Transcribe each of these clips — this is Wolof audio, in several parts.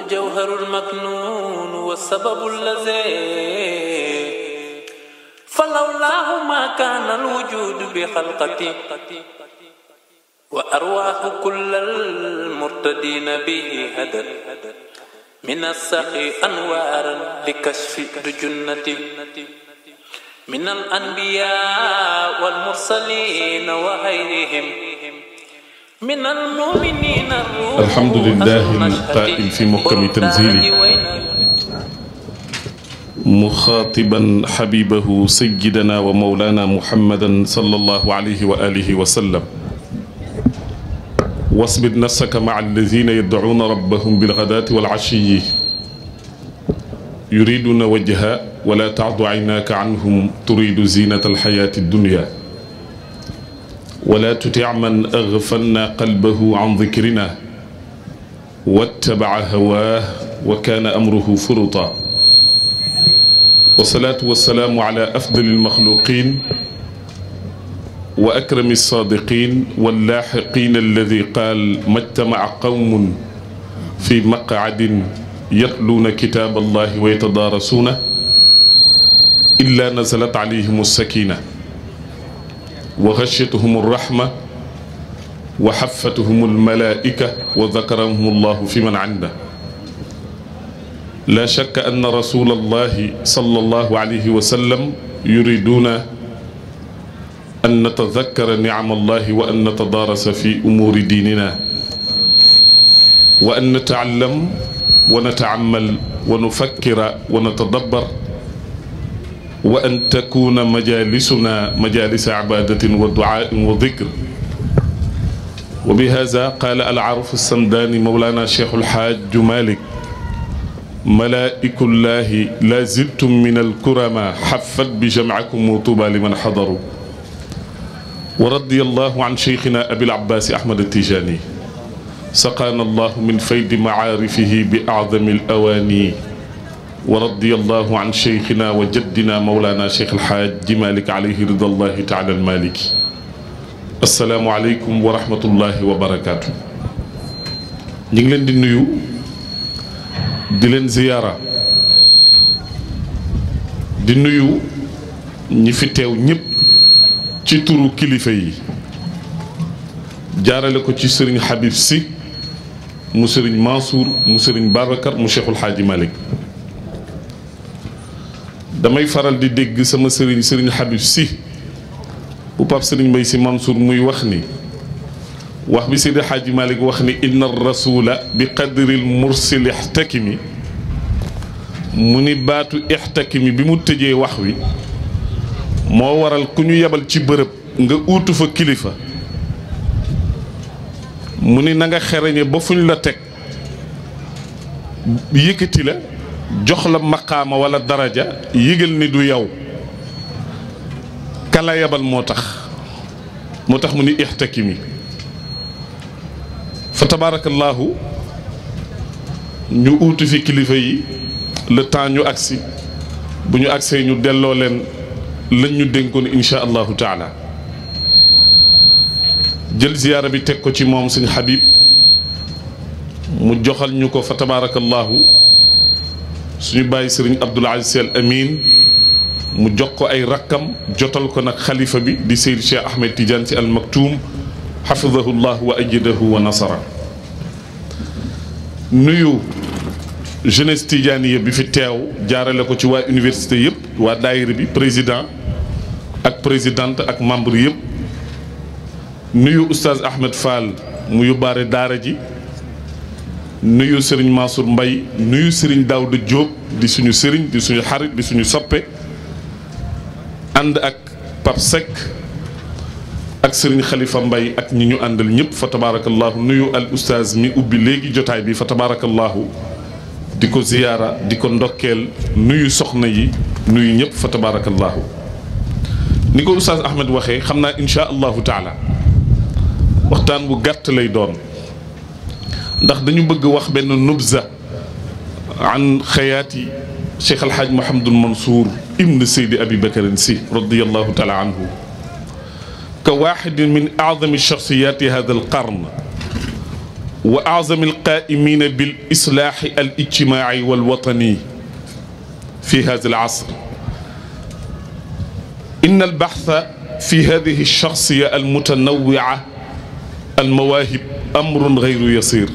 والجوهر المكنون والسبب الذي فلولاه ما كان الوجود بخلقتي وأرواح كل المرتدين به هدت من السخي أنوارا لكشف دجنتي من الأنبياء والمرسلين وغيرهم الحمد لله القائل في محكم تنزيله مخاطبا حبيبه سيدنا ومولانا محمدا صلى الله عليه وآله وسلم واصبر نفسك مع الذين يدعون ربهم بالغداة والعشي يريدون وجها ولا تعد عيناك عنهم تريد زينة الحياة الدنيا wala tuti man agfalna qalbahu an dikrina wattabaca hawaah wa kaana amruhu furuta wasalaatu wasalaamu ala afdal almaxluqin wa akrami alsaadiqin wallaaxiqin alladi qaal majtamaca qawmun fi maqcadin yatluuna kitaab allahi wa yatadaarasuuna illa nazalat calayhim alsakina wa xashiyatuhum arrahma wa xaffatuhum almalaika wa dakarahum allahu fi man inda la shakka anna rasula allahi sallallahu alayhi wa sallam yuriduna an natadakkara nicama allahi wa an natadaarasa fi umuuri diinina wa an natacallam wa natacammal wa nufakkira wa natadabbar wa an takuna majalisuna majalisa ibadatin wa duain wa dikr wa bi haaza qaala al-arif as-samdaani mawlaana cheikh al-haaj Maalik malaa'ikullaahi laa ziltum min al-kuramaa haffat bi jam'ikum wa tuubaa liman hadaruu wa radiyallaahu an cheikhinaa abil abbaas ahmad at-tijaani saqaanaa allaahu min faydi ma'aarifihi bi a'zamil awaani wa radiyallahu an cheikhina wa jaddina mawlana cheikh alxaaji malik alayhi ridallahi taala almaliki asalaamu aleykum wa rahmatullahi wa barakaatu. ñu ngi leen di nuyu di leen ziyaara di nuyu ñi fi teew ñépp ci turu kilifa yi jaarale ko ci sëriñ Habib si mu sëriñ Mansour mu sëriñ Babacar mu cheikhul xaaji malik damay faral di dégg sama sëriñ sëriñ xabis si bu Pape sëriñ Mbaye si Mansour muy wax ni wax bi Seydi Hadji wax ni inna rasula bi qadril mursil ixtakimi mu ni baatu ixtakimi bi mu tëjee wax wi moo waral ku ñu yebal ci bërëb nga uutu fa kilifa mu ni na nga xereñe ba fuñ la teg yëkkati la jox la maqaama wala daraja yëgal ni du yow kala moo tax moo tax mu ni ixtakimi fa tabaarakallaahu ñu uutu fi kilifa yi le temps ñu agsi bu ñu agsee ñu delloo leen lañ ñu dénkoon insha allahu taala jël ziyaara bi teg ko ci moom suñ Habib mu joxal ñu ko fa tabaarakallaahu suñu bàyyi sëriñ Abdoul Aziz Sy Al Amin mu jox ko ay rakkam jotal ko nag xalifa bi di Seyd Cheikh Ahmed Tidiane Sy Al Maktoum xafidahu llah wa ajadahu wa nasara nuyu jeunesse tidiane bi fi teew jaarale ko ci waa université yëpp waa daayira bi président ak présidente ak membre yëpp nuyu oustaz Ahmed Fall mu yóbbaare daara ji nuyu Serigne Mansour mbay nuyu Serigne Daouda Diop di suñu sëriñ di suñu xarit di suñu soppe ànd ak Pape ak sëriñ xalifa mbay ak ñi ñu àndal ñëpp fa tabaarakallaahu nuyu al oustaz mi ubbi léegi jotaay bi fa tabaarakallaahu di ko ziyaara di ko ndokkeel nuyu soxna yi nuyu ñëpp fa tabaarakallaahu ni ko oustaz Ahmed waxee xam naa incha allahu taala waxtaan bu gàtt lay doon. ndax dañu bëgg wax benn nubza an xayaati cheikh alhaaj mahamadul mansour ibn seydi abi bakarin si radiallahu taala anhu ka waxidin min acdami shaxsiyaati hada alqarn wa acdami alqaa'imina bil islaaxi al ijtimaaci wal watani fi hada al asr inna al baxtha fi hadihi alshaxsiya almutanawwica almawaahib amrun gayru yasir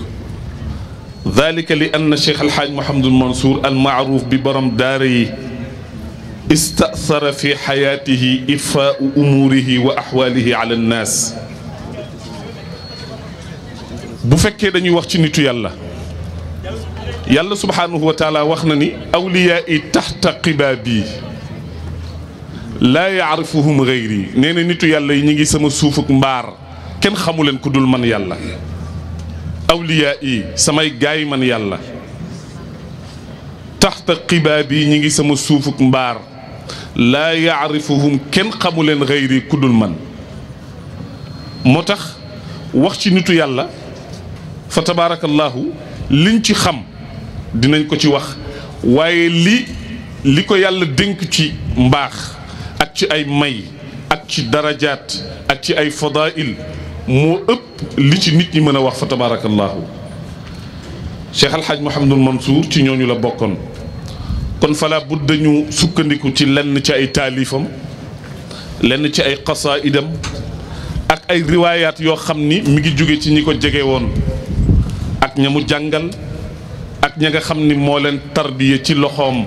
dalika li anna cheikh alxaaj Mouhamadul Mansour almaaruuf bi borom daara yi istaasara fi xayaatihi ifaau umuurihi wa axwaalihi ala nnaas bu fekkee dañuy wax ci nitu yàlla yàlla subhaanahu wa taala wax na ni awliyaa yi taxta qibaabi laa yaarifuhum gayri nee na nitu yàlla yi ñu ngi sama suuf ak mbaar kenn xamu leen ku dul man yàlla awliyaa yi samay gaay man yàlla taxta xibaab yi ñi ngi sama suufuk mbaar laa yaarifuhum kenn xamu leen xëyri ku dul man moo tax wax ci nitu yàlla fa tabaarakallaahu liñ ci xam dinañ ko ci wax waaye li li ko yàlla dénk ci mbaax ak ci ay may ak ci darajaat ak ci ay fadail moo ëpp li ci nit ñi mën a wax fa tabaarakallaahu Cheikh Al Hadj Mouhamadul Mansour ci ñooñu la bokkoon kon fala bud dañu sukkandiku ci lenn ci ay taalifam lenn ci ay xasaayidam ak ay riwaayaat yoo xam ni mi ngi jóge ci ñi ko jege woon ak ñamu jàngal ak ña nga xam ni moo leen tarbiye ci loxoom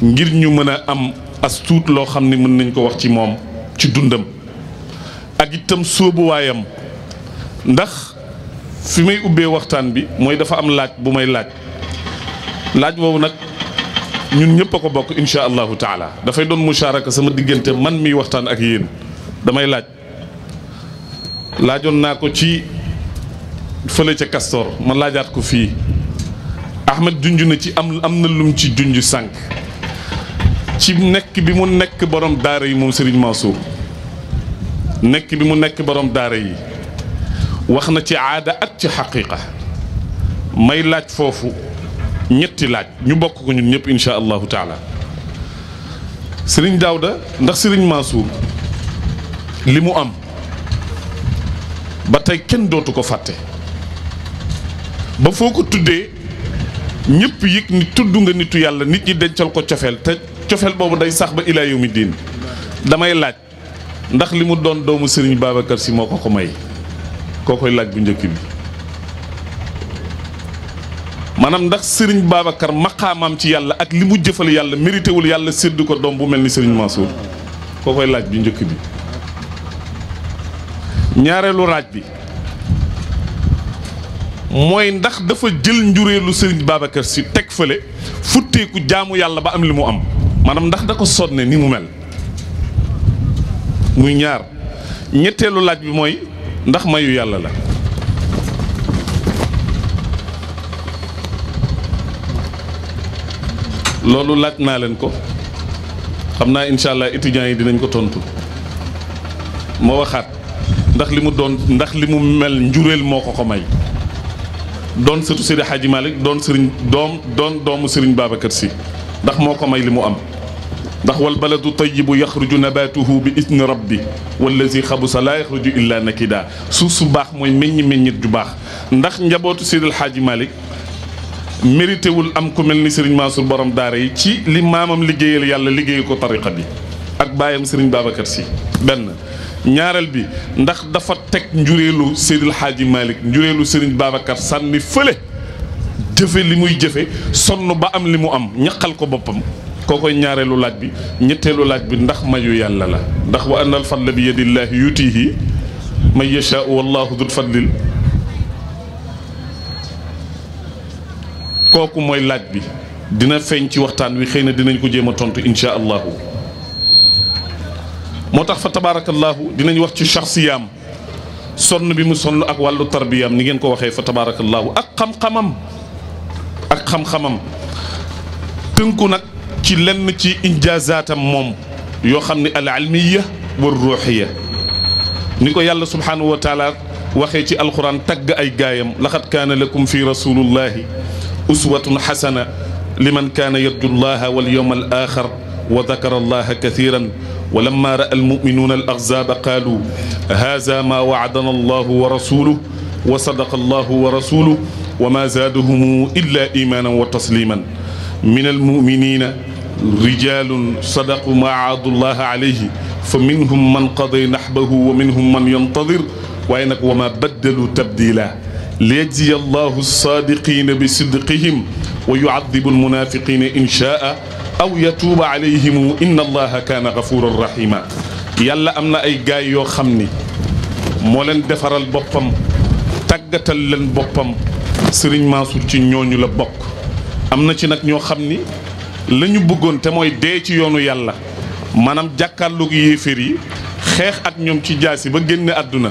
ngir ñu mën a am as tuut loo xam ni mën nañ ko wax ci moom ci dundam ak itam sóobuwaayam ndax fi may ubbee waxtaan bi mooy dafa am laaj bu may laaj laaj boobu nag ñun ñëpp a ko bokk insha allahu taala dafay doon musharaka sama diggante man mi waxtaan ak yéen damay laaj laajoon naa ko ci fële ca Castor ma laajaat ko fii Ahmed junj na ci am am na lum ci junj sànq ci nekk bi mu nekk borom daara yi moom Serigne Mansour nekk bi mu nekk boroom daara yi wax na ci aada ak ci xaqiiqa may laaj foofu ñetti laaj ñu bokk ko ñun ñëpp insha allahu taala sëriñ Daawda ndax sëriñ Mansour li mu am ba tey kenn dootu ko fàtte ba foo ko tuddee ñëpp yëg ni tudd nga nitu yàlla nit ñi dencal ko cofeel te cofeel boobu day sax ba ilaa yawmi diin damay laaj ndax li mu doon doomu Serigne Babacar si moo ko ko may koo koy laaj bu njëkk bi maanaam ndax Serigne Babacar maqaamam ci yàlla ak li mu jëfal yàlla mérité yàlla sédd ko doom bu mel ni Serigne Mansour koo koy laaj bu njëkk bi ñaareelu raaj bi mooy ndax dafa jël njureelu Serigne Babacar si teg fële futteeku jaamu yàlla ba am li mu am maanaam ndax da ko sonne ni mu mel. muy ñaar ñetteelu laaj bi mooy ndax mayu yàlla la loolu laaj naa leen ko xam naa incha allah étudiants yi dinañ ko tontu ma waxaat ndax li mu doon ndax li mu mel njuréel moo ko ko may doon sëtu Seydi Hadji doon sëriñ doom doon doomu sëriñ Babacar si ndax moo ko may li mu am ndax wal baladu tayibu yaxruju nabatuhu bi isni rabbi wallazi xabusa laa yaxruju illa nakida suuf su baax mooy meññ meññit ju baax ndax njabootu Seydil Xaaji malik mérité wul am ku mel ni Serigne Mansour borom daara yi ci li maamam liggéeyal yàlla liggéey ko tariqa bi ak baayam Serigne Babacar si benn ñaareel bi ndax dafa teg njureelu Seydil Xaaji malik njureelu Serigne Babacar sànni fële jëfe li muy jëfe sonn ba am li mu am ñaqal ko boppam kookoy ñaareelu laaj bi ñetteelu laaj bi ndax mayu yàlla la ndax wa anna al fadla bi yadillaahi yutiihi man yashaau wallahu dul fadlil kooku mooy laaj bi dina feeñ ci waxtaan wi xëy na dinañ ko jéem a tontu insha allahu moo tax fa tabaarakallaahu dinañ wax ci shaxsiyaam sonn bi mu sonn ak wàllu tarbiyaam ni ngeen ko waxee fa tabaarakallaahu ak xam ak xam-xamam tënku nag ci lenn ci injazaatam moom yoo xam ne al almiya war ruuxiya ni ko yàlla subhaanahu wa taala waxee ci alxuraan tagg ay gaayam laxad kaana lakum fi rasulillahi uswatun xasana liman kaana yarju llaha wal yawma al axar wa dakara allaha kathiran wa lamma ra'a almuminuuna al axzaaba qaalu haza maa wacadana allahu wa rasuluh wa sadaqa allahu wa rasuluh wa ma zaaduhum illa imaanan wa tasliman minal muminina rijalun sadaqu ma ahadullah alayhi fa minhum man qaday nahbahu wa minhum man yantadir waaye nag wa ma baddalu tabdila liyajziya allahu saadiqina bi sidqihim wa yuadibu almunafiqina in shaa aw yatuuba alayhim inna allaha kaana gafuran rahima yàlla am na ay gaay yoo xam ni moo leen defaral boppam tàggatal leen boppam sëriñ Mansour ci ñooñu la bokk am na ci nag ñoo xam ni la ñu bëggoon te mooy dee ci yoonu yàlla maanaam jàkkaarloog yéeféer yi xeex ak ñoom ci jaasi ba génne àdduna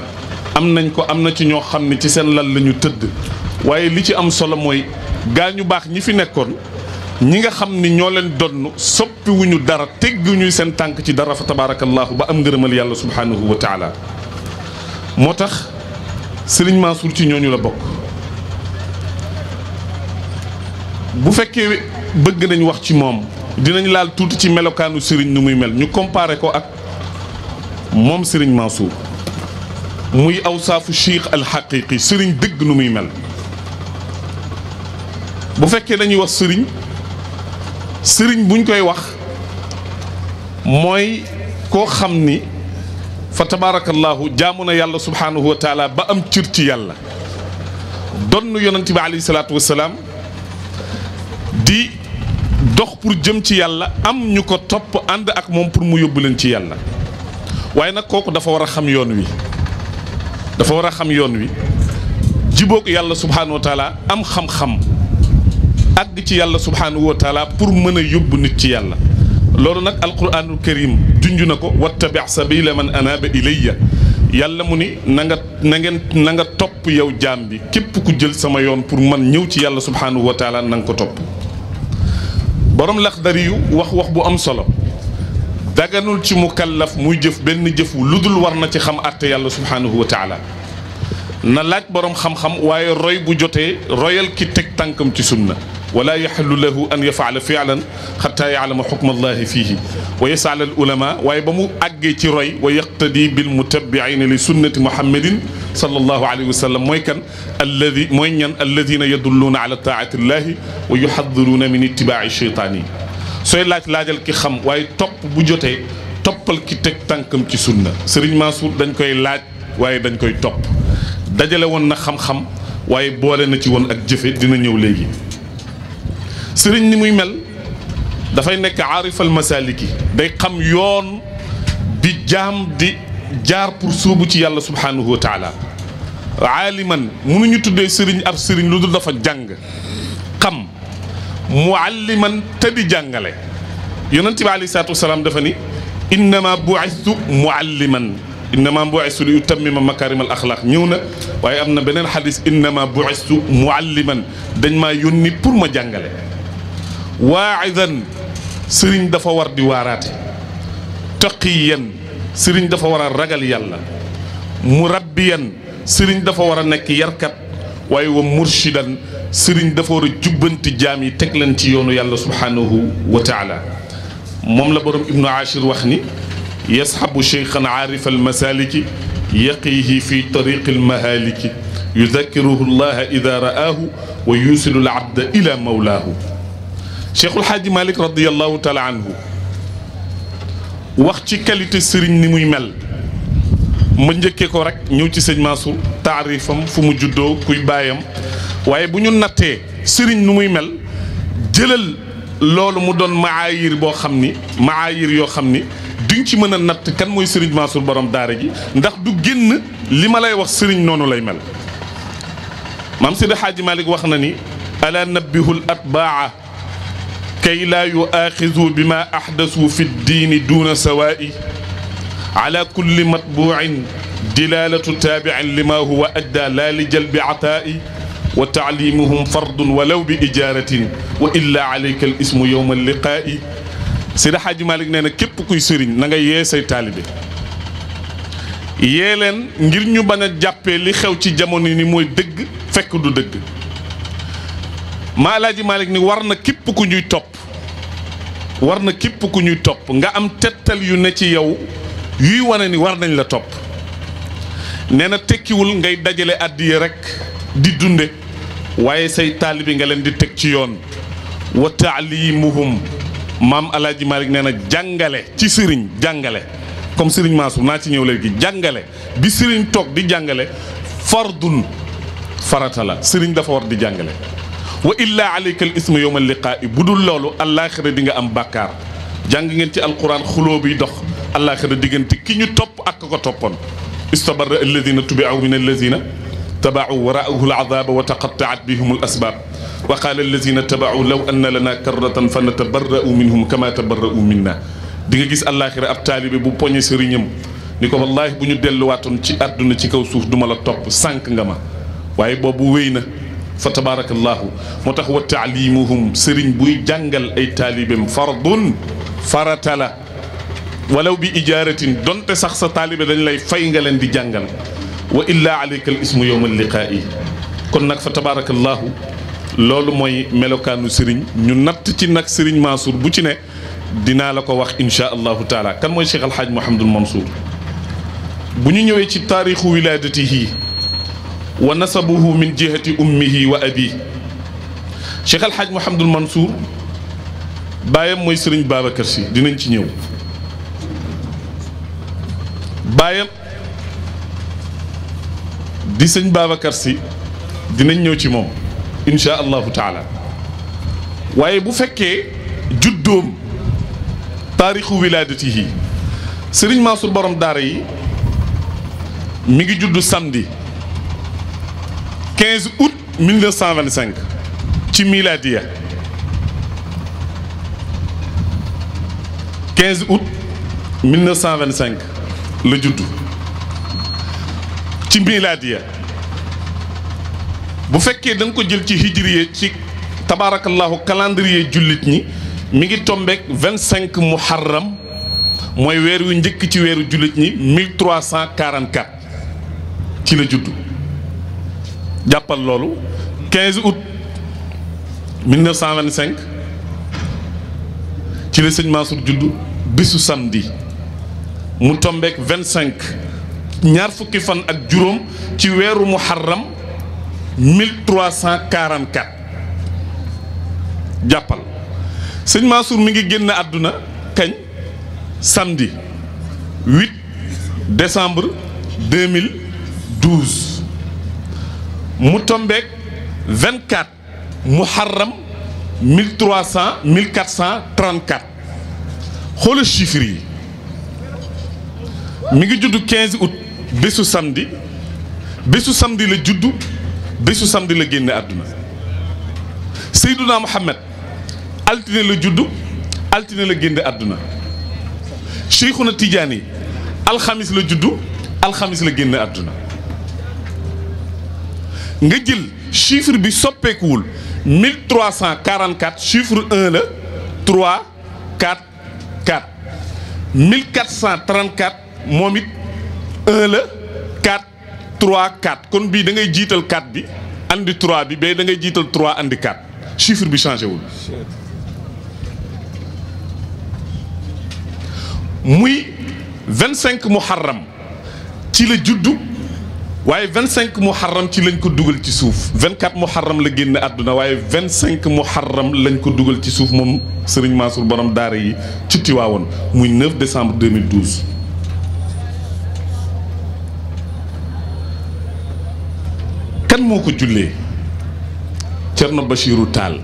am nañ ko am na ci ñoo xam ni ci seen lal la ñu tëdd waaye li ci am solo mooy gaa ñu baax ñi fi nekkoon ñi nga xam ni ñoo leen donn soppiwuñu dara tegguñu seen tànk ci dara fa tabaarakallaahu ba am ngërëmal yàlla subhaanahu wa taala moo tax sëriñ Mansour ci ñooñu la bokk bu fekkee bëgg nañu wax ci moom dinañ laal tuuti ci melokaanu sëriñ nu muy mel ñu comparé ko ak moom Serigne Mansour muy aw saafu Cheikh al Haqiqi Serigne dëgg nu muy mel bu fekkee dañuy wax sëriñ sëriñ buñ koy wax mooy koo xam ni fa tabaarakallaahu jaamu na yàlla subhaanahu wa taala ba am cir ci yàlla donn yonent bi alayhi salaatu wa di dox pour jëm ci yàlla am ñu ko topp ànd ak moom pour mu yóbbu leen ci yàlla waaye nag kooku dafa war a xam yoon wi dafa war a xam yoon wi jiboog yàlla subhaanahu wa am xam-xam àgg ci yàlla subhaanahu wa taala pour mën a yóbbu nit ci yàlla loolu nag alquranul karim junj na ko beex sa wattabi sabila man anaaba ilayya yàlla mu ni na nga na ngeen na nga topp yow jaam bi képp ku jël sama yoon pour man ñëw ci yàlla subhaanahu wa taala na nga ko topp borom laxdari yu wax wax bu am solo daganul ci mukallaf muy jëf benn jëf lu dul war na ci xam àtte yàlla subhaanahu wa taala na laaj borom xam-xam waaye roy bu jotee royal ki teg tànkam ci sunna wala yaxlu lahu an yafaala filan xata yaalama xukma allahi fiihi wa yasaala al ulama waaye ba mu àggee ci roy wa yaqtadi bil mutabiina li sunnati muhammadin sallallahu alayhi wa sallam mooy kan alladi mooy ñan alladina yadulluuna ala taatillahi wa yuxadiruuna min ittibaai cheytaan yi sooy laaj laajal ki xam waaye topp bu jotee toppal ki teg tànkam ci sunna Serigne Mansour dañ koy laaj waaye dañ koy topp dajale woon na xam-xam waaye boole na ci woon ak jëfe dina ñëw léegi sëriñ ni muy mel dafay nekk aarifal masaliki day xam yoon bi jaam di jaar pour sóobu ci yàlla subhaanahu wa taala aaliman mënuñu tuddee sëriñ ab sëriñ lu dul dafa jàng xam mualliman te jàngale yonent bi aleyhi salaatu wasalaam dafa ni innama buistu mualliman innama buistu li utammima makarim al axlaq ñëw na waaye am na beneen xadis innama buistu mualliman dañ maa yónni pour ma jàngale waaidan sëriñ dafa war di waaraate taqiyan sëriñ dafa war a ragal yàlla mu rabbiyan sëriñ dafa war a nekk yarkat waaye wa murshidan sëriñ dafa war a jubbanti jaam yi teg leen ci yoonu yàlla subhaanahu wa taala moom la borom ibnu achir wax ni yasxabu cheikhan aarifa almasaliki yaqiihi fi tariqi almahaliki yudakiruhu llaha ida ra'aahu wa yuusilu alabda ila mawlaahu cheikhul xaaji malik radiallahu taala anhu wax ci qualité sëriñ ni muy mel ma njëkkee ko rek ñëw ci sëñ Mansour taarifam fu mu juddoo kuy baayam waaye bu ñu nattee sëriñ nu muy mel jëlal loolu mu doon maayir boo xam ni maayir yoo xam ni duñ ci mën a natt kan mooy sëriñ Mansour borom daare gi ndax du génn li ma lay wax sëriñ noonu lay mel maam Seydi Hadji wax na ni ala nabbihul atbaa kay laa yuaaxizu bi ma axdasu fi ddiini duuna sawaa'i ala kulli matbuucin dilaalatu taabicin lima huwa ajdaa laa li jalbi ataa'i wa taalimuhum fardun walaw bi ijaaratin wa illaa alayka al ismu yowma liqaa'i Seydi Xaaji Maalik nee na képp kuy sëriñ na nga yee say taalibe yee ngir ñu bañ a li xew ci jamono ni mooy dëgg fekk du dëgg ma alaaji Malick ni war na képp ku ñuy topp war na képp ku ñuy topp nga am tettal yu ne ci yow yuy wane ni war nañ la topp nee na tekkiwul ngay dajale àddiya rekk di dunde waaye say taalibi nga leen di teg ci yoon wa taalimuhum maam alaaji Malick nee na jàngale ci sëriñ jàngale comme sëriñ Mansour naa ci ñëw léegi jàngale bi sëriñ toog di jàngale fardun farata la sëriñ dafa war di jàngale wa illa alayka al ismu yowma liqaa'i bu dul loolu allaaxira di nga am bàkkaar jàng ngeen ci alquran xuloo biy dox allaaxira diggante ki ñu topp ak ko toppoon istabara alladina tubi'u min alladina tabacu wa ra'ahu al'adaaba wa taqatta'at bihum al-asbaab wa qaala alladina tabacu law anna lana karratan fa natabarra'u minhum kama tabarra'u minna di nga gis allaaxira ab taalibe bu poñe sëriñam ni ko wallaahi bu ñu delluwaatoon ci àdduna ci kaw suuf duma la topp sànq nga ma waaye boobu wéy na fa tabaarakallaahu moo tax wa taalimuhum sëriñ buy jàngal ay taalibeem fardun farata la walaw bi ijaaratin donte sax sa taalibe dañ lay fay nga di jàngal wa illa alayka al ismu yowma liqaa'i kon nag fa tabaarakallaahu loolu mooy melokaanu sëriñ ñu natt ci nag sëriñ Mansour bu ci ne dinaa la ko wax insha allahu taala kan mooy Cheikh Alhaaj Mouhamadul Mansour bu ñu ñëwee ci taarixu wilaadatihi wa nasabuhu min jihati ummihi wa abi Cheikh El Hadj Mouhamadul Mansour baayam mooy sëriñ Babacar Sy dinañ ci ñëw baayam di sëñ Babacar Sy dinañ ñëw ci moom insha allahu taala waaye bu fekkee juddoom taarixu wilaadatihi sëriñ Mansour borom daara yi mu ngi juddu samedi. 15 août 1925 ci miladiya 15 août 1925 la judd ci miladiya bu fekkee da ko jël ci hijriye ci tabaarakallaahu calendrier jullit ñi mi ngi tombeek 25 muharram mooy weer wu njëkk ci weeru jullit ñi 1344 ci la judd jàppal loolu 15 août 1925 ci la sëñ Mansour juddu bisu samedi mu tombeek 25 ñaar fukki fan ak juróom ci weeru muharram 1344 jàppal sëñ Mansour mi ngi génn àdduna kañ samedi 8 mu tombeek 24 muharram 1300 1434 xoolal chiffre yi mu ngi judd 15 août bésu samedi bésu samedi la juddu bésu samedi la génn àdduna Seyduna Muhammad altine la juddu altine la génn àdduna Cheikhuna Tidiane alxamis la juddu alxamis la génn àdduna. nga jël chiffre bi soppeekuwul 1344 chiffre 1 la 3 4 4 1434 moom it 1 la 4 3 4 kon bii da ngay jiital 4 bi andi 3 bi bee da ngay jiital 3 andi 4 chiffre bi changé wul. muy 25 muharram ci la juddu. waaye vingt cinq muharram ci lañ ko dugal ci suuf vingt quatre muharram la génne àdduna waaye vingt cinq muharram lañ ko dugal ci suuf moom Serigne Mansour borom daara yi ci Tiwaawoon muy 9 décembre 2012. kan moo ko jullee Thierno Bachirou Tall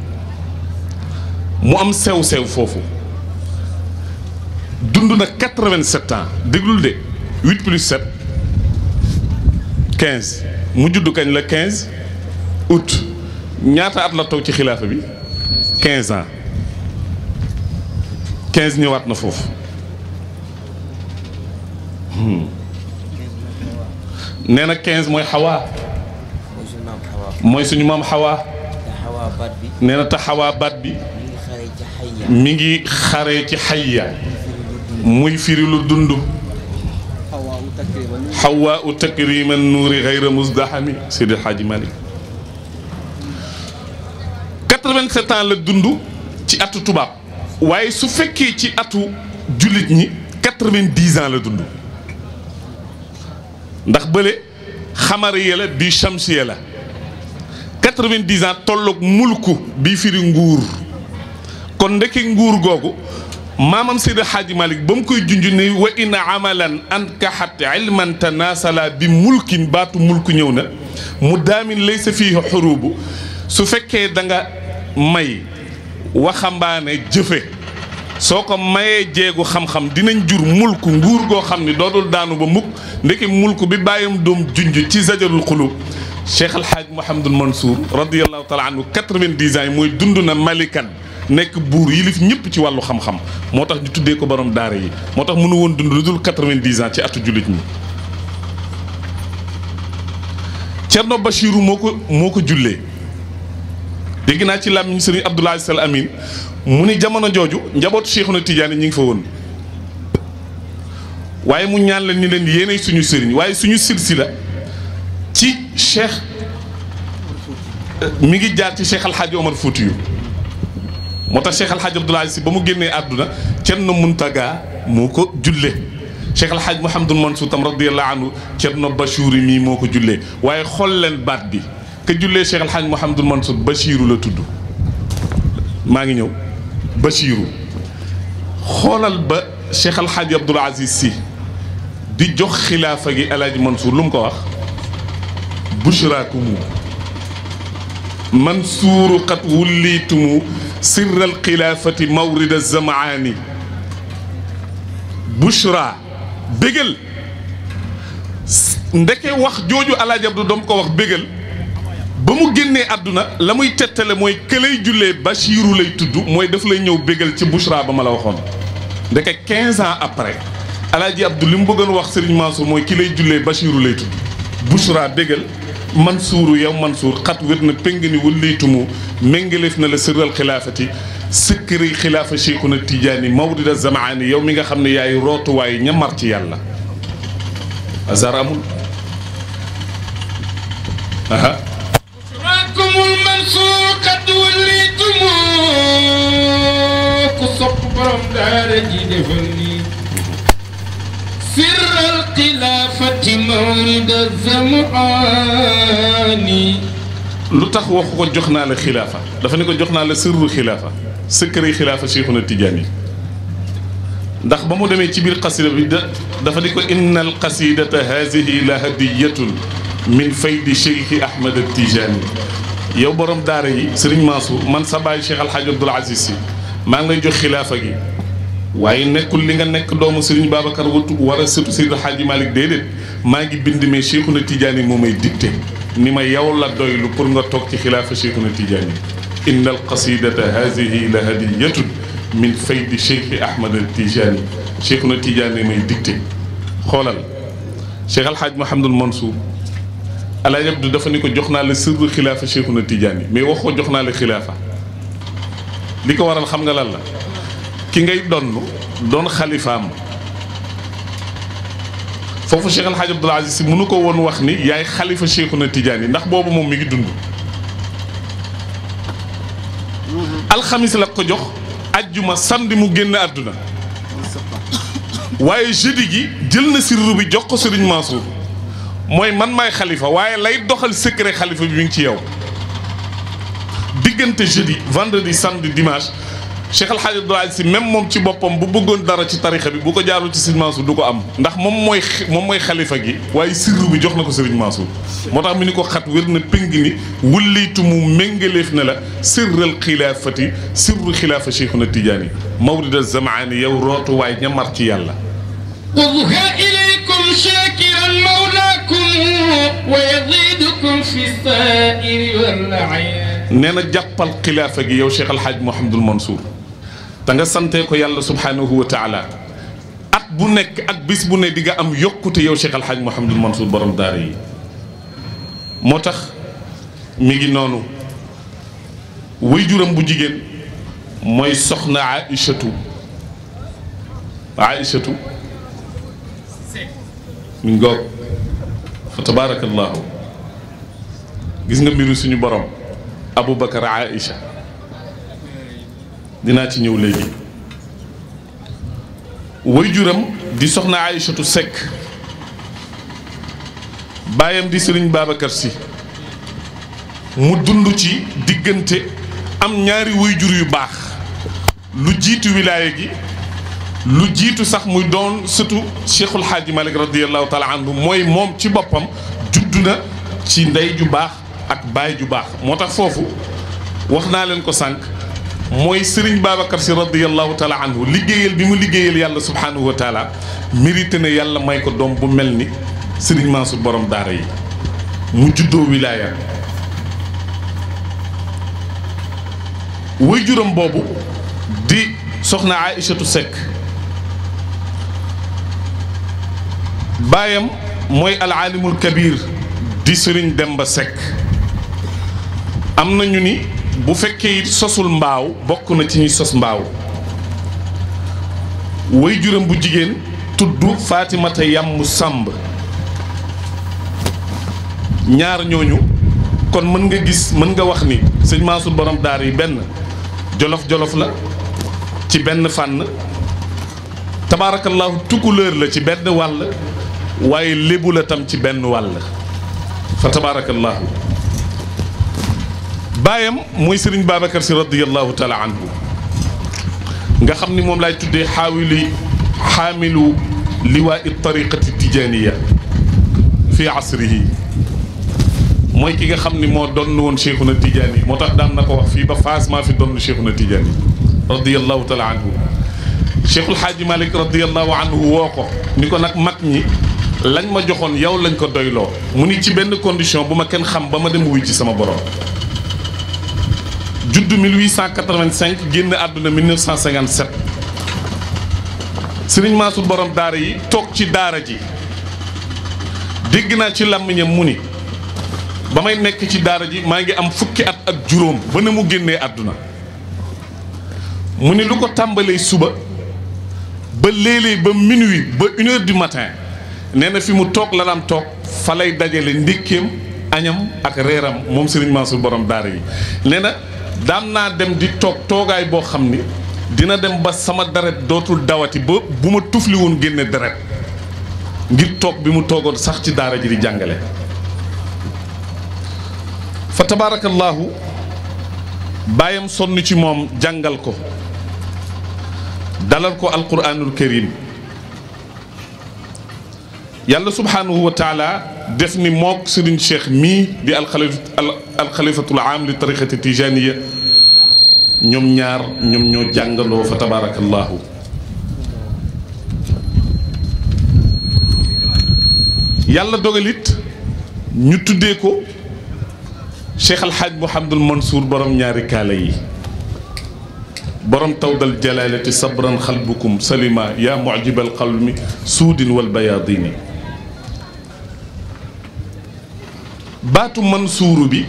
mu am sew sew foofu dund na 87 ans déglul de 8 15 mu judd kañ la 15 août ñaata at la toog ci xilaafa bi 15 ans 15 ñëwaat na foofu hmm. nee na 15 mooy xawaa mooy suñu maam xawaa nee na te xawaa baat bi mi ngi xaree ci xayya muy firi dund xawaa u takriman nuuri xayra musdaxami Seydi Xaaji Malik 87 ans la dund ci atu tubaab waaye su fekkee ci atu jullit ñi 90 ans la dund ndax bële xamariya la bii chamsiya la 90 ans tolloog mulku bii firi nguur kon ndeke nguur googu maamam Seydi Xaaji Malik ba mu koy junj ni wa in amalan an kaxat ilman tanaasala bi mulkin baatu mulku ñëw na mu daamin laysa fii xurubu su fekkee da nga may waxambaane jëfe soo ko mayee jeegu xam-xam dinañ jur mulku nguur goo xam ni doodul daanu ba mukk ndeki mulku bi bàyyam doom junj ci zajarul xulub Cheikh Alxaaj Mouhamadul Mansour radiallahu taala anhu quatre-vingt-dix ans yi mooy dund na malikan nekk buur yilif ñëpp ci wàllu xam-xam moo tax ñu tuddee ko borom daara yi moo tax mënu woon dund lu dul quatre-vingt-dix ans ci atu jullit ñi. Cerno Bachiru moo ko moo ko jullee dégg naa ci làmmiñ sëriñ Abdoul Aziz Al Amin mu ni jamono jooju njabootu Seexuna Tijaani ñi ngi fa woon. waaye mu ñaan leen ni leen yéenay suñu sëriñ waaye suñu silsila ci cheikh mi ngi jaar ci cheikh Alxaaji Omar Fuutiyu moo tax Cheikh El Hadj Abdoul Aziz Sy ba mu génnee àdduna Thierno Mountaga moo ko julle Cheikh El Hadj Mouhamadul Mansour tam radiyallahu anhu no Bachir mii moo ko jullee waaye xool leen baat bi ka jullee Cheikh El Hadj Mouhamadul Mansour Bachiru la tudd maa ngi ñëw bashiru xoolal ba Cheikh El Hadj Abdoul Aziz Sy di jox xilaafa gi El Hadj Mansour lu mu ko wax bushraakumu Mansour qad wulliitumu sirr alxilaafati mawrid alzamaani bushra bégal ndeke wax jooju alaaj Abdu doom ko wax bégal ba mu génnee àdduna la muy tettale mooy këlay jullee Bachiru lay tudd mooy daf lay ñëw bégal ci bushra ba ma la waxoon ndeke quinze ans après alaaji Abdu li mu bëggoon wax Sëriñ Mansour mooy ki lay jullee Bachiru lay tudd bushra bégal Mansuuru yow Mansuur xat wér na péng ni wulliitumu méngaleef na la sëral xilaafati sikkiri xilaafa Cheikhuna Tijaani mawdida zamaani yow mi nga xam ne yaay rootuwaay ñamar ci yàlla azar amul aha raakumul Mansuur xat wulliitumu ku sopp borom daara ji defal nii اختلافة مورد الزمان lu tax waxu ko jox naa la xilaafa dafa ne ko jox naa la sirru xilaafa secret xilaafa Cheikhuna Tidiane yi ndax ba mu demee ci biir xasida bi da dafa ni ko inna al qasidata haadihi la hadiyatun min faydi Cheikh Ahmad Tidiane yow borom daara yi Serigne Mansour man sa baay Cheikh maa ngi lay jox xilaafa gi waaye nekkul li nga nekk doomu Serigne Babacar wattu war a sëtu Seydou Hadji Malick déedéet maa ngi bind mais Cheikhouna Tidiane moo may dicté ni ma yow la doylu pour nga toog ci xilaafa Cheikhouna Tidiane inna al qasidata hadihi la hadiyatun min faydi Cheikh Ahmad Tidiane Cheikhouna Tidiane may dicté xoolal Cheikh Al Hadj Mouhamadul Mansour Alaaji Abdu dafa ni ko jox naa la sirru xilaafa Cheikhouna Tidiane mais waxoo jox naa la xilaafa li ko waral xam nga lan la ki ngay donn doon xalifaam foofu Cheikh El Hadj Abdoul Aziz si mënu ko woon wax ni yaay xalifa na Cheikhuna yi ndax boobu moom mi ngi dund. Mm-hmm. alxamis la ko jox ajjuma samedi mu génn àdduna waaye jeudi gi jël na sirru bi jox ko Serigne Mansour mooy man maay xalifa waaye lay doxal secret xalifa bi mi ngi ci yow diggante jeudi vendredi samedi dimanche. Cheikh Al Hadj Abdou Aziz même moom ci boppam bu bëggoon dara ci tarixa bi bu ko jaarul ci Serigne Mansour du ko am ndax moom mooy moom mooy xalifa gi waaye sirru bi jox na ko Serigne Mansour moo tax mu ni ko xat wér na péng ni wulliitu mu méngaleef na la sirral xilaafati sirru xilaafa Cheikhuna Tidiane mawrida zamaani yow rootu waaye ñamar ci yàlla وضها إليكم شاكرا مولاكم ويزيدكم في السائر والنعيم nee na jàppal xilaafa gi yow Cheikh El Hadj Mouhamadul Mansour te nga santee ko yàlla subhanahu wa taala at bu nekk ak bis bu nekk di nga am yokkute yow Cheikh Alhaaj Mouhamadul Mansour borom daara yi moo tax mi ngi noonu waajuram bu jigéen mooy soxna Aïchatu Aïchatu mi ngoog fa tabaarakallaahu gis nga mbiru suñu borom Aboubacar Aïcha dinaa ci ñëw léegi waajuram di soxna Aïchatu Seck baayam di sëriñ Babacar Sy mu dund ci diggante am ñaari waajur yu baax lu jiitu wilaaya gi lu jiitu sax muy doon sëtu Cheikhul Hadji Malick radiyallahu taala anhu mooy moom ci boppam judd na ci ndey ju baax ak baay ju baax moo tax foofu wax naa leen ko sànq mooy Serigne Babacar si radiyallahu taala anhu liggéeyal bi mu liggéeyal yàlla subhanahu wa taala mérité na yàlla may ko doom bu mel ni Serigne Mansour borom daara yi mu juddoo wilaaya way juróom boobu di soxna Aïchatu Seck baayam mooy alaalimul kabir di sëriñ Demba Seck am nañu ni bu fekkee it sosul mbaaw bokk na ci ñuy sos mbaaw way juram bu jigéen tudd Faatimata Yàmm Sàmb ñaar ñooñu kon mën nga gis mën nga wax ni sëñ Mansour borom daar yi benn jolof-jolof la ci benn fànn tabaarakallaahu tukulóor la ci benn wàll waaye lébu la tam ci benn wàll fa tabaarakallaahu baayam mooy sëriñ Babacar si radiyallahu taala anhu nga xam ni moom laay tuddee xaawili xaamilu liwaai tariqati tijaaniya fi asrihi mooy ki nga xam ni moo donn woon Cheikhuna Tijaani moo tax daan na ko wax fii ba Faas maa fi donn Cheikhuna Tijaani radiyallahu taala anhu Cheikhul Xaaji Malik radiyallahu anhu woo ko ni ko nag mag ñi lañ ma joxoon yow lañ ko doyloo mu ni ci benn condition bu ma kenn xam ba ma dem wuy ci sama borom judd 1885 génn àdduna 1957 Serigne Mansour borom daara yi toog ci daara ji dégg naa ci làmmiñam mu ni ba may nekk ci daara ji maa ngi am fukki at ak juróom ba ne mu génnee àdduna mu ni lu ko tàmbalee suba ba léeg ba minuit ba une du matin nee na fi mu toog la toog fa lay dajale ndékkeem añam ak reeram moom Serigne Mansour borom daara yi nee daan naa dem di toog toogaay boo xam ni dina dem ba sama deret dootul dawati ba bu ma tufli woon génne deret ngir toog bi mu toogoon sax ci daara ji di jàngale fa tabaarakallaahu bàyyam sonn ci moom jàngal ko dalal ko alquraanul karim yàlla subhaanahu wa taala def ni mook Serigne Cheikh mii di alxalif alxalifatul li tariqati tijaniya ñoom ñaar ñoom ñoo jàngandoo fa tabaarakallaahu yàlla dogalit ñu tuddee ko Cheikh Alxaaj Mouhamadul Mansour borom ñaari kaala yi borom tawdal jalalati sabran xalbukum salima yaa mujibal qalbi suudin wal bayaadini baatu man suuru bi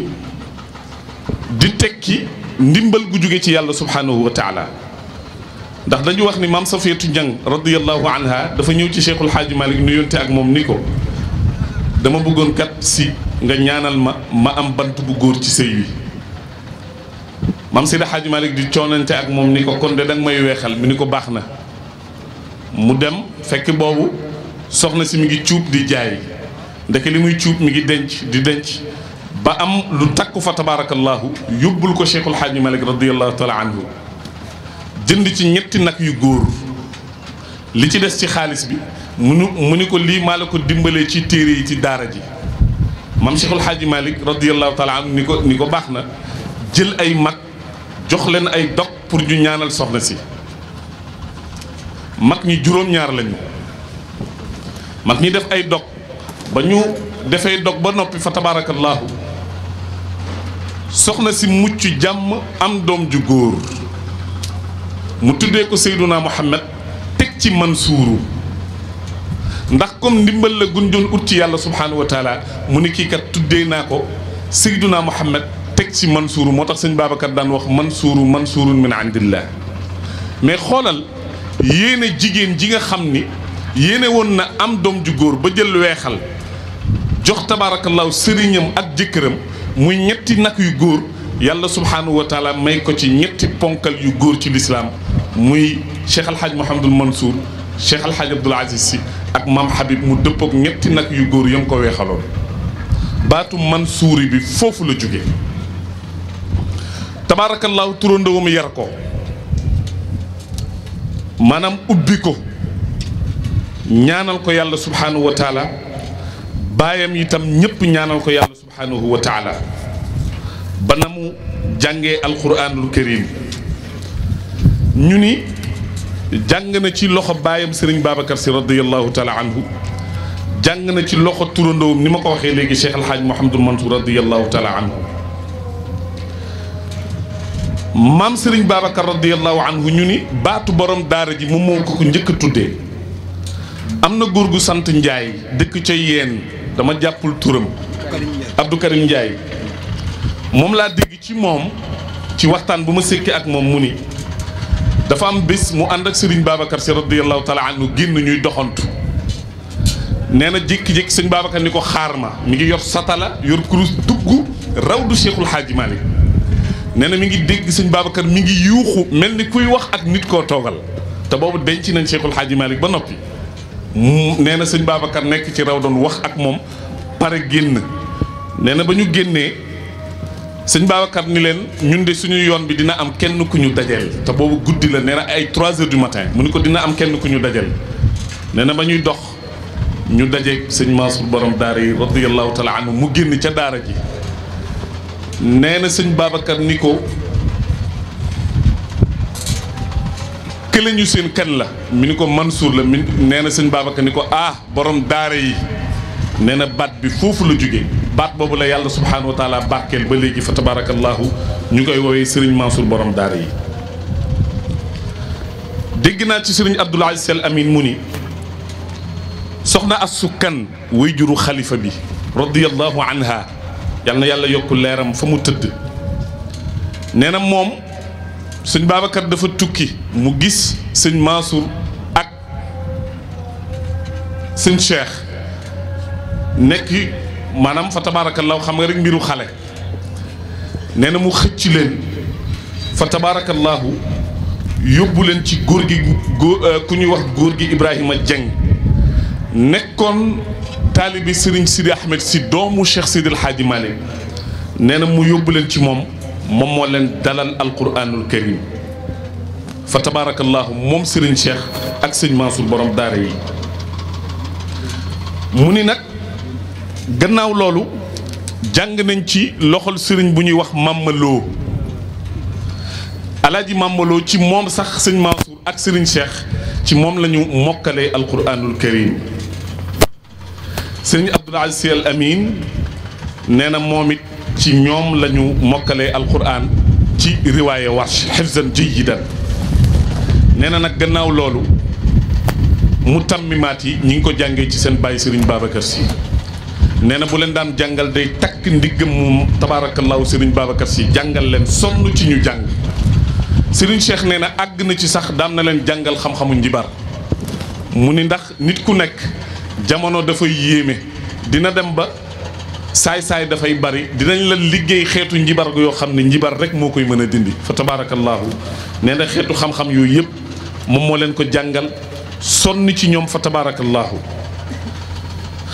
di tekki ndimbal gu jóge ci yàlla subhaanahu wa taala ndax dañu wax ni maam Safiyatu Njang radiyallahu anha dafa ñëw ci Cheikhul Xaaji Malik nuyonte ak moom ni ko dama bëggoon kat si nga ñaanal ma ma am bant bu góor ci sëy wi maam Seydi Xaaji Malik di coonante ak moom ni ko kon de danga may weexal mi ni ko baax na mu dem fekk boobu soxna si mi ngi cuub di jaay ndeke li muy cuub mi ngi denc di denc ba am lu takku fa tabaarakallaahu yóbbul ko Cheikhul Xaaji Malik radiyallahu taala anhu jënd ci ñetti nag yu góor li ci des ci xaalis bi mu ni ko lii maa la ko dimbalee ci téere yi ci daara ji mam Cheikhul Xaaji Malik radiyallahu taala anhu ni ko ni ko baax na jël ay mag jox leen ay dog pour ñu ñaanal soxna si mag ñi juróom-ñaar lañu mag ñi def ay dog ba ñu defee dog ba noppi fa tabaarakallaahu soxna si mucc jàmm am doom ju góor mu tuddee ko Seydouna Muhammad teg ci man suuru ndax comme ndimbal la gunjoon ut ci yàlla subhaanahu wa mu ni kii kat tuddee naa ko Seydouna Muhammad teg ci man Mansuuru moo tax sëñ baabakat daan wax man suuru Mansuuru Mansuurun min indillah mais xoolal yéene jigéen ji nga xam ni yéene woon na am doom ju góor ba jël weexal jox tabaarakallaahu sëriñam ak jëkkëram muy ñetti nag yu góor yàlla subhaanahu wa taala may ko ci ñetti ponkal yu góor ci lislaam muy cheikh alhaaj mouhamadul mansour cheikh alhaaj abdul aziz si ak maam habib mu dëppook ñetti nag yu góor yam ko weexaloon baatu mansuuri bi foofu la jóge tabaarakallaahu turandoom yar ko maanaam ubbi ko ñaanal ko yàlla subhaanahu wa taala baayam itam ñëpp ñaanal ko yàlla subhaanahu wa taala ba na mu jàngee alquranul karim ñu ni jàng na ci loxo baayam sëriñ Babacar si radiallahu taala anhu jàng na ci loxo turandoom ni ma ko waxee léegi Cheikh Alhaaj Mouhamadul Mansour radiallahu taala anhu maam sëriñ Babacar radiallahu anhu ñu ni baatu borom daara ji moom moo ko ko njëkk a tuddee am na góor gu sant Njaay dëkk ca yeen dama jàppul turam Abdou Karim moom laa dégg ci moom ci waxtaan bu ma sékkee ak moom mu ni dafa am bés mu ànd ak Serigne Babacar Sy radiyallahu taala anhu génn ñuy doxantu nee na jékki-jékki sëñ Babacar ni ko xaar ma mu ngi yor satala yor kurus dugg raw du Cheikhul Hadji Malick nee na mi ngi dégg sëñ Babacar mi ngi yuuxu mel ni kuy wax ak nit koo toogal te boobu denc nañ Cheikhul Hadji Malick ba noppi Mmh. nee na sëñ Babacar nekk ci raw doon wax ak moom pare génn nee na ba ñu génnee sëñ Babacar ni leen ñun de suñu yoon bi dina am kenn ku ñu dajeel te boobu guddi la nee na ay trois heures du matin mu ni ko dina am kenn ku ñu dajeel nee na ba ñuy dox ñu daje sëñ Mansour borom daara yi radiyallahu taala anhu mu génn ca daara ji nee na sëñ Babacar ni ko kële ñu seen kan la mu ni ko Mansour la mi nee na sëñ Babacar ni ko ah borom daara yi nee na baat bi foofu la jóge baat boobu la yàlla subhaanahu wa taala ba léegi fa tabaarakallaahu ñu koy woowee sëriñ Mansour borom daara yi dégg naa ci sëriñ Abdoul Aziz Sy Al Amine mu ni soxna Astou Kane way juru xalifa bi radiyallahu anha yal yàlla yokku leeram fa mu tëdd nee moom sëñ Babacar dafa tukki mu gis sëñ Mansour ak sëñ Cheikh nekk maanaam fa tabaarakallaahu xam nga rekk mbiru xale nee na mu xëcc leen fa tabaarakallaahu yóbbu leen ci góor gi euh, ku ñuy wax góor gi Ibrahima Dieng nekkoon taalibi sëriñ Sidi Ahmed si doomu Cheikh Sidil Hadji Malick nee na mu yóbbu leen ci moom. moom moo leen dalal alquranul karim fa tabaarakallaahu moom sëriñ Cheikh ak sëñ Mansour borom daara yi mu ni nag gannaaw loolu jàng nañ ci loxol sëriñ bu ñuy wax màmmaloo alaaji màmmaloo ci moom sax sëñ Mansour ak sëriñ Cheikh ci moom la ñu mokkalee alquranul karim sëriñ Abdoul Aziz Al Amin nee na moom ci ñoom lañu ñu mokkalee alquran ci riwaaye warsh xifzan jayidan nee na nag gannaaw loolu mu tàmmimaat yi ñu ngi ko jàngee ci seen bàyyi sëriñ Babacar si nee na bu leen daan jàngal day takk ndiggam moom tabaarakallaahu sëriñ Babacar si jàngal leen sonn ci ñu jàng sëriñ Cheikh nee na àgg na ci sax daan na leen jàngal xam-xamu njibar mu ni ndax nit ku nekk jamono dafay yéeme dina dem ba saay-saay dafay bari dinañ la liggéey xeetu njibar yoo xam ne njibar rek moo koy mën a dindi fa tabaarakallaahu nee na xeetu xam-xam yooyu yëpp moom moo leen ko jàngal sonn ci ñoom fa tabaarakallaahu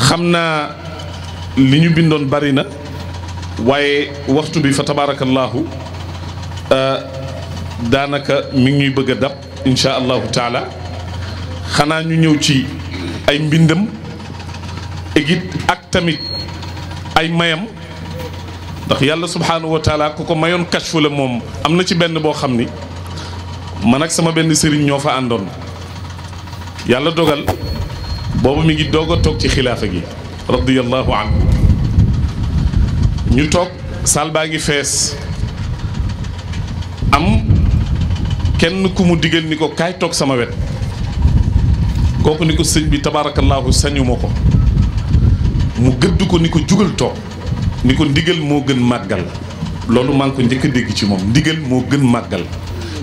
xam naa li ñu bindoon bari na waaye waxtu bi fa tabaarakallaahu euh, daanaka mi ngi ñuy bëgg a dab incha allahu taala xanaa ñu ñëw ci ay mbindam égit ak tamit ay mayam ndax yàlla subhaanahu wa taala ku ko mayoon kashfu la moom am na ci benn boo xam ni man ak sama benn sëriñ ñoo fa àndoon yàlla dogal boobu mi ngi doog a toog ci xilaafa gi radiyallahu anhu ñu toog saal baa ngi fees am kenn ku mu digal ni ko kaay toog sama wet kooku ni ko sëñ bi tabaarakallaahu sañu ma ko mu gëdd ko ni ko jugal toog ni ko ndigal moo gën màggal loolu maa ko njëkk a dégg ci moom ndigal moo gën màggal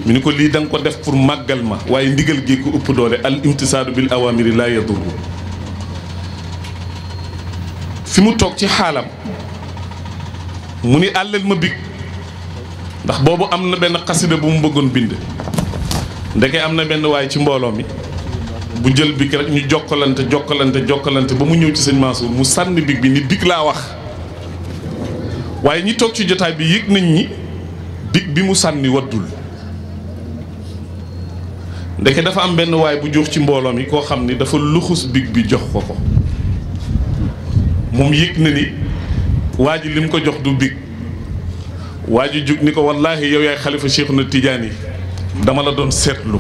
mu ni ko lii danga ko def pour màggal ma waaye ndigal gi ko ëpp doole al imtisaadu bil awamiri laa yadurru fi mu toog ci xaalam mu ni àllal ma big ndax boobu am na benn xasida bu mu bëggoon bind ndeke am na benn waay ci mbooloo mi bu jël big rek ñu jokkalante jokkalante jokkalante ba mu ñëw ci seen Mansour mu sànni big bi ni big laa wax waaye ñi toog ci jotaay bi yëg nañ ñi big bi mu sànni waddul ndeke dafa am benn waay bu jox ci mbooloo mi koo xam ni dafa luxus big bi jox ko ko moom yëg na ni waa ji lim ko jox du big waa ji jóg ni ko wallaahi yow yaay xalifa na Tidiane yi dama la doon seetlu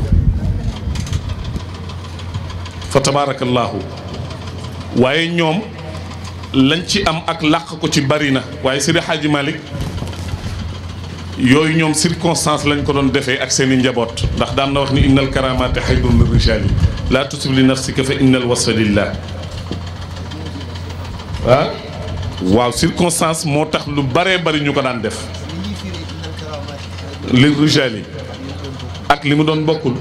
fa tabaarakallaahu waaye ñoom lañ ci am ak làq ko ci bari na waaye Seydi Hadji Malick yooyu ñoom circonstance lañ ko doon defee ak seen njaboot ndax daan na wax ni innal karamaati xayrun li rijaali laa tusib li nafsika fa innal wasfa lillah ah waaw circonstance moo tax lu baree bari ñu ko daan def li rijaali ak li mu doon bokkul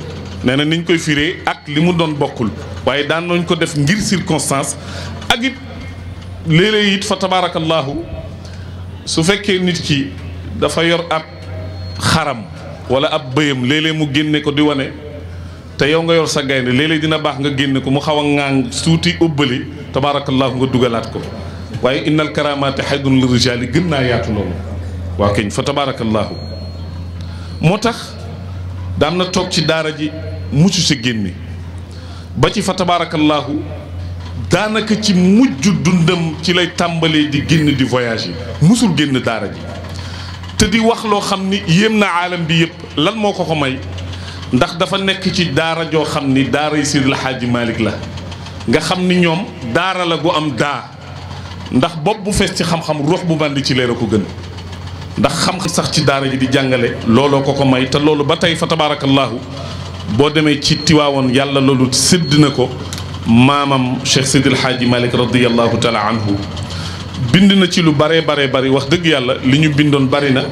nee na niñ koy fiire ak li mu doon bokkul waaye daan nañ ko def ngir circonstance ak it léeg-léeg it fa tabaarakallaahu su fekkee nit ki dafa yor ab xaram wala ab bëyam léeg mu génne ko di wane te yow nga yor sa gaynde léeg-léeg dina baax nga génne ko mu xaw a ŋaang suuti ubbali tabaarakallaahu nga dugalaat ko waaye innal karaamaati xaydun li rijaali gën naa yaatu loolu waa keñ fa tabaarakallaahu moo tax daan na toog ci daara ji musu sa génne ba ci fa tabaarakallaahu daanaka ci mujj dundam ci lay tàmbalee di génn di voyage yi musul génn daara ji te di wax loo xam ni yéem na aalam bi yëpp lan moo ko ko may ndax dafa nekk ci daara joo xam ni daara yi la Hadji Malick la nga xam ni ñoom daara la gu am daa ndax bopp bu fees ci xam-xam ruux bu bandi ci leer a ko gën ndax xam sax ci daara ji di jàngale looloo ko ko may te loolu ba tey fa tabaarakallaahu boo demee ci tiwaawoon yàlla loolu sédd na ko maamam Cheikh Sidil Hadji Malick radiyallahu taala anhu bind na ci lu bare bare bari wax dëgg yàlla li ñu bindoon bari na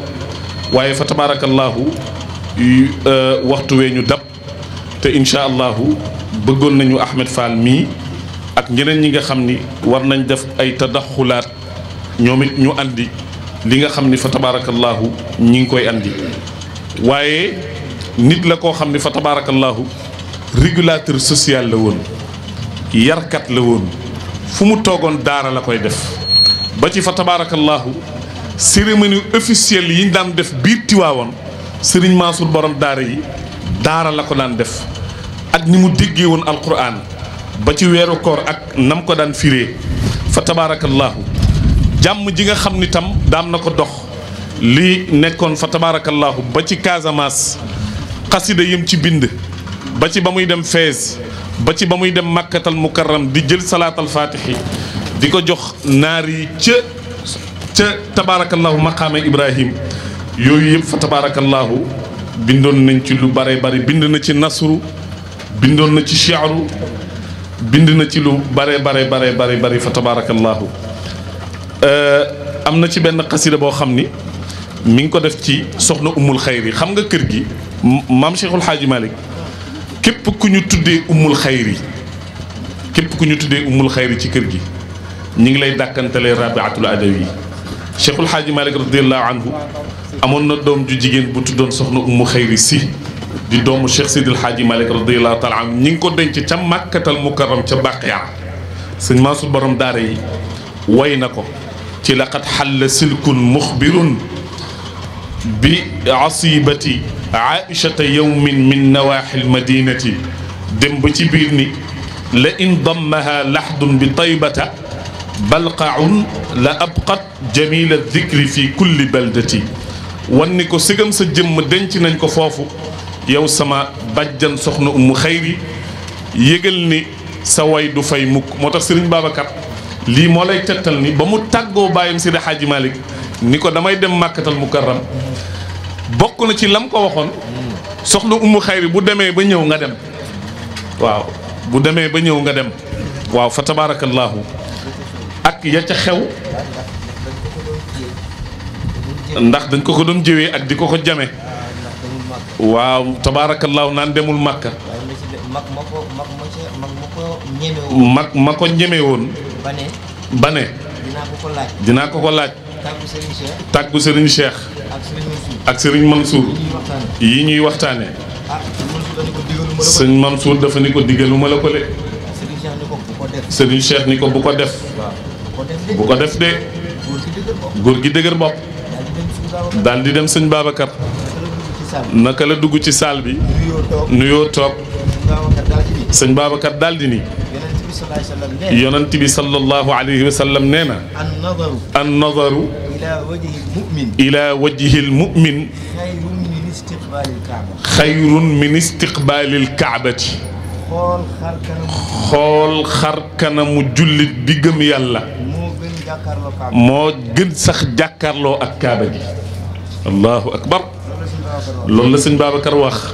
waaye fa tabaarakallaahu euh, waxtu wee ñu dab te incha allahu bëggoon nañu Ahmed Fall mii ak ñeneen ñi nga xam ni war nañ def ay tadaxulaat ñoom it ñu andi li nga xam ni fa tabaarakallaahu ñi ngi koy andi waaye nit la koo xam ne fa tabaarakallaahu régulateur social la woon yarkat la woon fu mu toogoon daara la koy def ba ci fa tabaarakallaahu cérémonie officielle yi ñu daan def biir Tiwaawoon sëriñ Mansour borom daara yi daara la ko daan def ak ni mu déggee woon alquran ba ci weeru koor ak nam ko daan firee fa tabaarakallaahu jàmm ji nga xam ni tam daam na ko dox li nekkoon fa tabaarakallaahu ba ci Casamance xasida yim ci bind ba ci ba muy dem fees ba ci ba muy dem màkkatal mukarram di jël salaatal faatixi di ko jox naar yi ca ca tabaarakallahu maqaame ibrahim yooyu yëpp fa tabaarakallahu bindoon nañ ci lu bare bari bind na ci nasru bindoon na ci chiaru bind na ci lu bare bare bare bare bari fa tabaarakallahu am na ci benn xasida boo xam ni mi ngi ko def ci soxna umul xayri xam nga kër gi maam Cheikhul Xaaji Malick képp ku ñu tuddee umul xayri képp ku ñu tuddee umul xayri ci kër gi ñu ngi lay dàkkantalee rabiatul adawi Cheikhul Xaaji Malick radiallahu anhu amoon na doom ju jigéen bu tuddoon soxna umu xayri si di doomu Cheikh Sidil Xaaji Malick radiallahu taala anhu ñi ngi ko denc ca màkkatal mukarram ca Baqiya sëñ Mansour borom daara yi way na ko ci laqad xalla silkun muxbirun bi asibati aishata yawmin min nawaaxi lmadinati dem ba ci biir ni la in dammaha laxdun bi taybata balqaun la abqat jamila dikri fi kulli baldati wan ni ko sigam sa jëmm denc nañ ko foofu yow sama bàjjan soxna umu xayri yëgal ni sa way du fay mukk moo tax sëriñ Babacar lii moo lay tettal ni ba mu tàggoo bàyyam Seydi Hadji Malick ni ko damay dem màkkatal mukarram bokk na ci lam ko waxoon soxna umu xayri bu demee ba ñëw nga dem waaw demee ba ñëw nga dem waaw fa tabaarakallaahu ak ya ca xew ndax dañ ko ko doon jëwee ak di ko ko jame waaw tabaarakallaahu naan demul màkka mag ma ko ñeme woon ba ko ko laaj tàggu Serigne Cheikh. tàggu Serigne Cheikh. ak Serigne Mansour. yi ñuy waxtaanee. Ah, sëñ Mansour dafa ni ko digalu ma la ko le. Serigne Cheikh ni ko bu ko def. bu ko def de. góor gi dëgër bopp. daal di dem sëñ baabakat naka la dugg ci saal bi. nuyoo toog. sëñ Babacar daal di yonent bi sallallahu alayhi wa sallam nee na. an nazaru. ila wajhil mu'min. xayrun min istiqbaalil kaabati. xool xar kanamu jullit bi gëm yàlla. moo gën sax jàkkaarloo ak kaaba gi. allahu akbar. loolu la sëñ Babacar wax.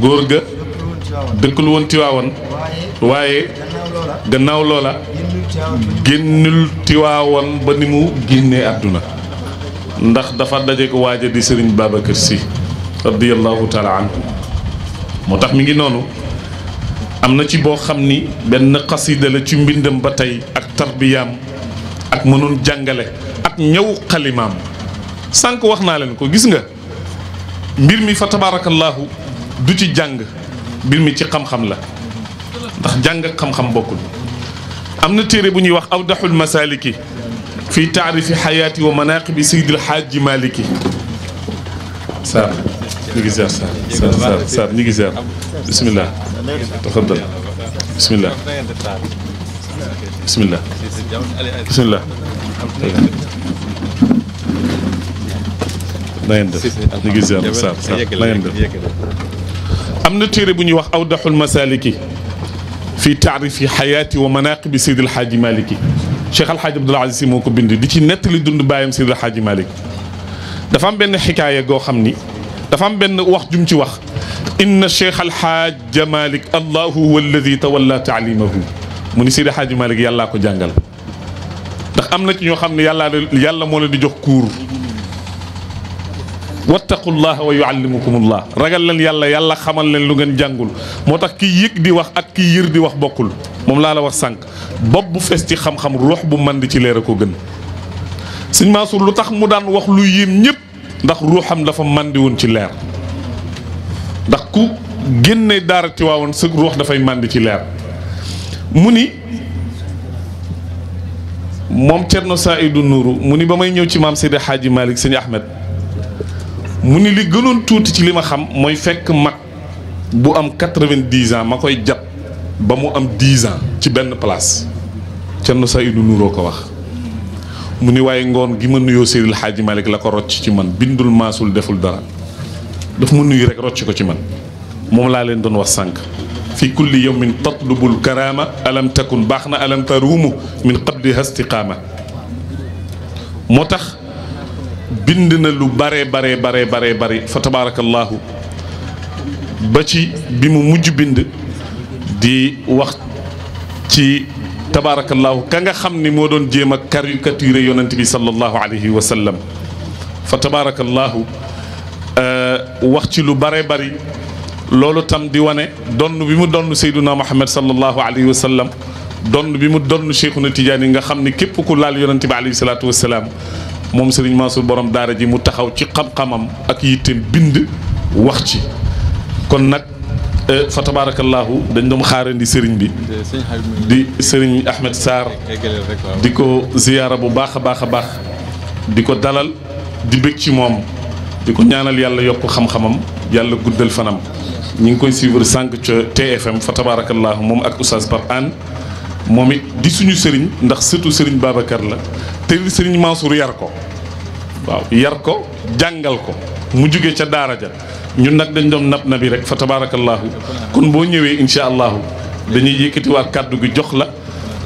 góor ga dëkkul woon Tiwaawan waaye. gannaaw loola génnul tiwaawoon ba ni mu génnee àdduna ndax dafa daje waaja di sëriñ Babacar Sy radiallahu taala anhu moo tax mi ngi noonu am na ci boo xam ni benn xasida la ci mbindam ba tey ak tarbiyaam ak mënoon jàngale ak ñëw xalimaam sànq wax naa leen ko gis nga mbir mi fa tabaarakallaahu du ci jàng mbir mi ci xam-xam la ndax jàng ak xam-xam bokkul am na téere bu ñuy wax awdaxul masaliki fi taarifi xayaati wa manaqibi seydil xaaji maliki saar ñu ngi ziar saar saar saar saar ñu ngi ziar bismillah tafaddal bismillah bismillah bismillah na ngeen def ñu ngi ziar saar saar na ngeen def am na téere bu ñuy wax awdaxul masaliki fi taarifi xayaati wa manaqibi Seydi El Hadji Malick yi Cheikh El Hadji Abdoul Aziz Sy moo ko bind di ci nettali dund bàyyam Seydi El Hadji Malick dafa am benn xikaaya goo xam ni dafa am benn wax jum ci wax inna Cheikh El Hadji Malick allahu huwa alladi tawalla taalimahu mu ni Seydi El Hadji Malick yàllaa ko jàngal ndax am na ci ñoo xam ne yàllaa yàlla moo leen di jox kuur wattaqullaha wa yuallimukumullah ragal leen yàlla yàlla xamal leen lu ngeen jàngul moo tax ki yëg di wax ak ki yër di wax bokkul moom laa la wax sànq bopp bu fees ci xam-xam ruux bu mànd ci leer a ko gën sëñ Mansour lu tax mu daan wax lu yéem ñépp ndax ruuxam dafa màndi woon ci leer ndax ku génne daara Tiwaawoon sa ruux dafay màndi ci leer mu ni moom Cerno Saïdu nuru mu ni ba may ñëw ci maam Seydi Xaaji Malick sëñ Ahmed mu ni li gënoon tuuti ci li ma xam mooy fekk mag bu am quatre-vingt-dix ans ma koy jàpp ba mu am dix ans ci benn place Thierno Saïdou Nouroo ko wax mu ni waaye ngoon gi ma nuyoo Seydil Hadji Malick la ko rocc ci man bindul maasul deful dara dafa mu nuyu rek rocc ko ci man moom laa leen doon wax sànq fi kulli yawmin tatlubul karaama alam takun baax na alam taruumu min qabli hastiqaama moo tax bind na lu bare bare bare bare bare fa tabaarakallaahu ba ci bi mu mujj bind di wax ci tabaarakallaahu ka nga xam ni moo doon jéem a caricature yonent bi sallallahu alayhi wa fa tabaarakallaahu euh, wax ci lu bare bari loolu tam di wane donn bi mu donn Seyduna Muhammad sallallahu alayhi wa sallam donn bi mu donn Cheikhuna Tidiane nga xam ni képp ku laal yonent bi alayhi salaatu wa moom Serigne Mansour borom daara ji mu taxaw ci xam-xamam ak yitteem bind wax ci kon nag eh, fa tabaarakallaahu dañ doon xaarandi Serigne bi di Serigne Ahmed Sarr di ko ziyaara bu baax a baax a baax di ko dalal di bëgg ci moom di ko ñaanal yàlla yokk xam-xamam yàlla guddal fanam ñi ngi koy suivre sànq ca TFM fa tabaarakallaahu moom ak Oustaz Pape Hann moom it di suñu Serigne ndax surtout Serigne Babacar la te sëriñ Mansour yar ko waaw yar ko jàngal ko mu jóge ca daara ja ñun nag dañ doon nab nabi rek fa tabaarakallaahu kon boo ñëwee incha allahu dañuy yëkkatiwaat kàddu gi jox la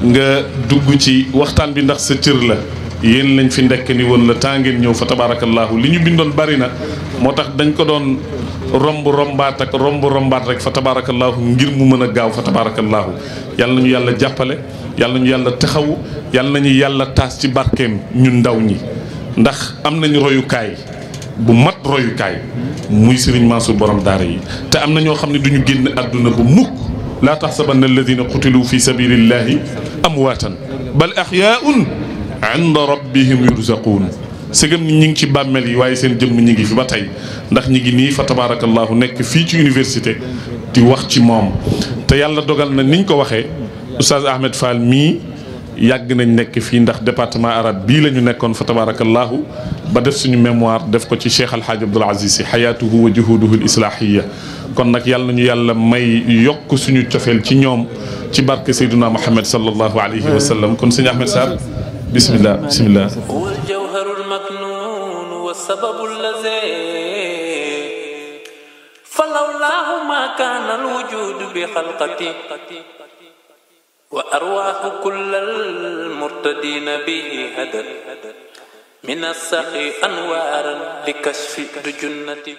nga dugg ci waxtaan bi ndax sa cër la yéen lañ fi ndekk ni woon la temps ngeen ñëw fa tabaarakallaahu li ñu bindoon bari na moo tax dañ ko doon romb rombaat ak romb rombaat rek fa tabaarakallaahu ngir mu mën a gaaw fa tabaarakallaahu yàlla nañu yàlla jàppale yàlla nañu yàlla taxawu yàlla nañu yàlla taas ci barkeem ñun ndaw ñi ndax am nañu royukaay bu mat royukaay muy sëriñ Mansour borom daara yi te am na ñoo xam ne duñu génn àdduna bu mukk laa tax sa taxsabanna alladina qutilu fi sabilillahi amwaatan bal axyaun inda rabbihim yurzaquun sëgëm ni ñi ngi ci bàmmeel yi waaye seen jëmm ñi ngi fi ba tey ndax ñi ngi nii fa tabaarakallaahu nekk fii ci université di wax ci moom te yàlla dogal na niñ ko waxee Oustaz Ahmed Fall mii yàgg nañ nekk fii ndax département arabe bii la ñu nekkoon fa tabarakallahu ba def suñu mémoire def ko ci Cheikh Alhaaj Abdoul Aziz Sy xayaatuhu wa juhuduhu l islaahiya kon nag yàlla nañu yàlla may yokk suñu cofeel ci ñoom ci barke Seydina Muhammad sallallahu alayhi wa sallam kon sëñ Ahmed Sarr bismillah bismillah فلولاه ما كان الوجود بخلقتي وأرواح كل المرتدين به هدت من السخي أنوارا لكشف دجنة